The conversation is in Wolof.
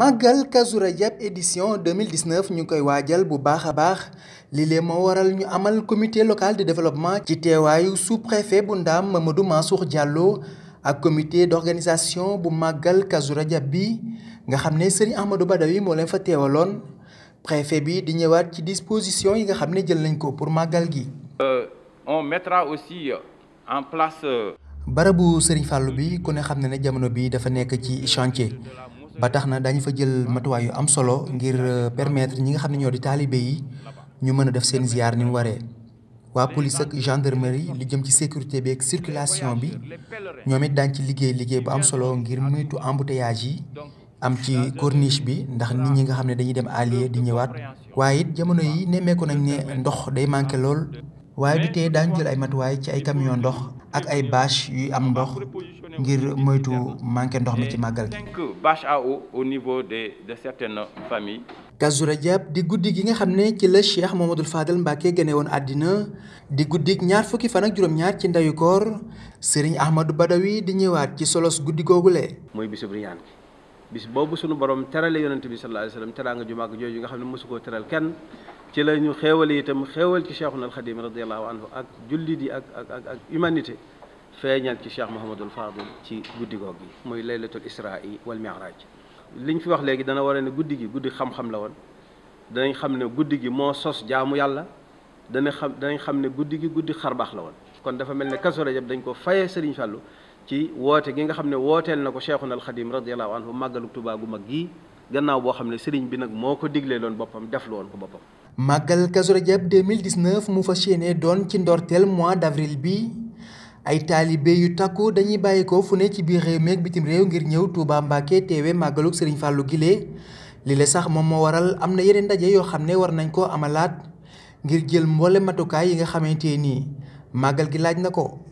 màggal Kazu Rajab édition 2019 ñu koy waajal bu baax a baax lii lee moo waral ñu amal comité local de développement ci teewaayu sous-préfet bu Ndaam Mamadou Mansour Diallo ak comité d'organisation bu màggal Kazu Rajab bi nga xam ne Serigne Ahmadou Badawi moo leen fa teewaloon préfet bi di ñëwaat ci disposition yi nga xam ne jël nañ ko pour màggal gi. Euh, on mettra aussi en place. Euh, barabu Serigne Fallou bi ku ne xam ne ne jamono bi dafa nekk ci chantier. ba tax na dañu fa jël matuwaay yu am solo ngir euh, permettre ñi nga xam ne ñoo di taalibe yi ñu mën a def seen ziar ni mu waree. waa police ak gendarmerie li jëm ci sécurité bi ak circulation bi ñoom it daañ ci liggéey liggéey bu am solo ngir moytu embouteillage yi am ci corniche bi ndax nit ñi nga xam ne dañuy dem allier di ñëwaat waaye it jamono yi nemmeeku nañ ne ndox day manqué lool waaye bi tey daañu jël ay matuwaay ci ay camion ndox ak ay bâche yuy am ndox ngir moytu manqué ndox mi ci màggal gi. bâche à eau au niveau de de certaines familles. Kazu Rajab di guddi gi nga xam ne ci la Cheikh Mamadou Fadel Mbacké gane woon àddina di guddik ñaar fukki fan ak juróom-ñaar ci ndeyu koor Serigne Ahmadou Badawi di ñëwaat ci solos guddi googule. mooy bisub bis boobu sunu borom terale yonent bi sallallahu alayhi wasallam teraanga ju màgg jooju nga xam ne mosu koo teral kenn ci la ñu xéewale itam xéewal ci cheikhuna alxadim radiallahu anhu ak jullit yi ak ak ak ak humanité feeñal ci cheikh Mouhamadul Fadil ci guddi goog gi muy laylatul israi wal mi'raj liñ fi wax léegi dana waree ne guddi gi guddi xam-xam la woon danañ xam ne guddi gi moo sos jaamu yàlla dana xam danañ xam ne guddi gi guddi xarbaax la woon kon dafa mel ne kazu rajab dañ ko fayee Serigne Fallou ci woote gi nga xam ne wooteel na ko cheikhuna alxadim radiallahu anhu màggalu Tuubaa gu mag gi gannaaw boo xam ne sëriñ bi nag moo ko diglee loon boppam def lu ko boppam màggal Kazu Rajab 2019 mu fas yéene doon ci ndorteel mois d'avril bi ay taalibe yu takku dañuy bàyyi ko fu ne ci biir réew mi ak bitim réew ngir ñëw Touba Mbacke teewe màggaluk Serigne Fallou Guilé lii la sax moom moo waral am na yeneen ndaje yoo xam ne war nañ koo amalaat ngir jël mboole matukaay yi nga xamante nii màggal gi laaj na ko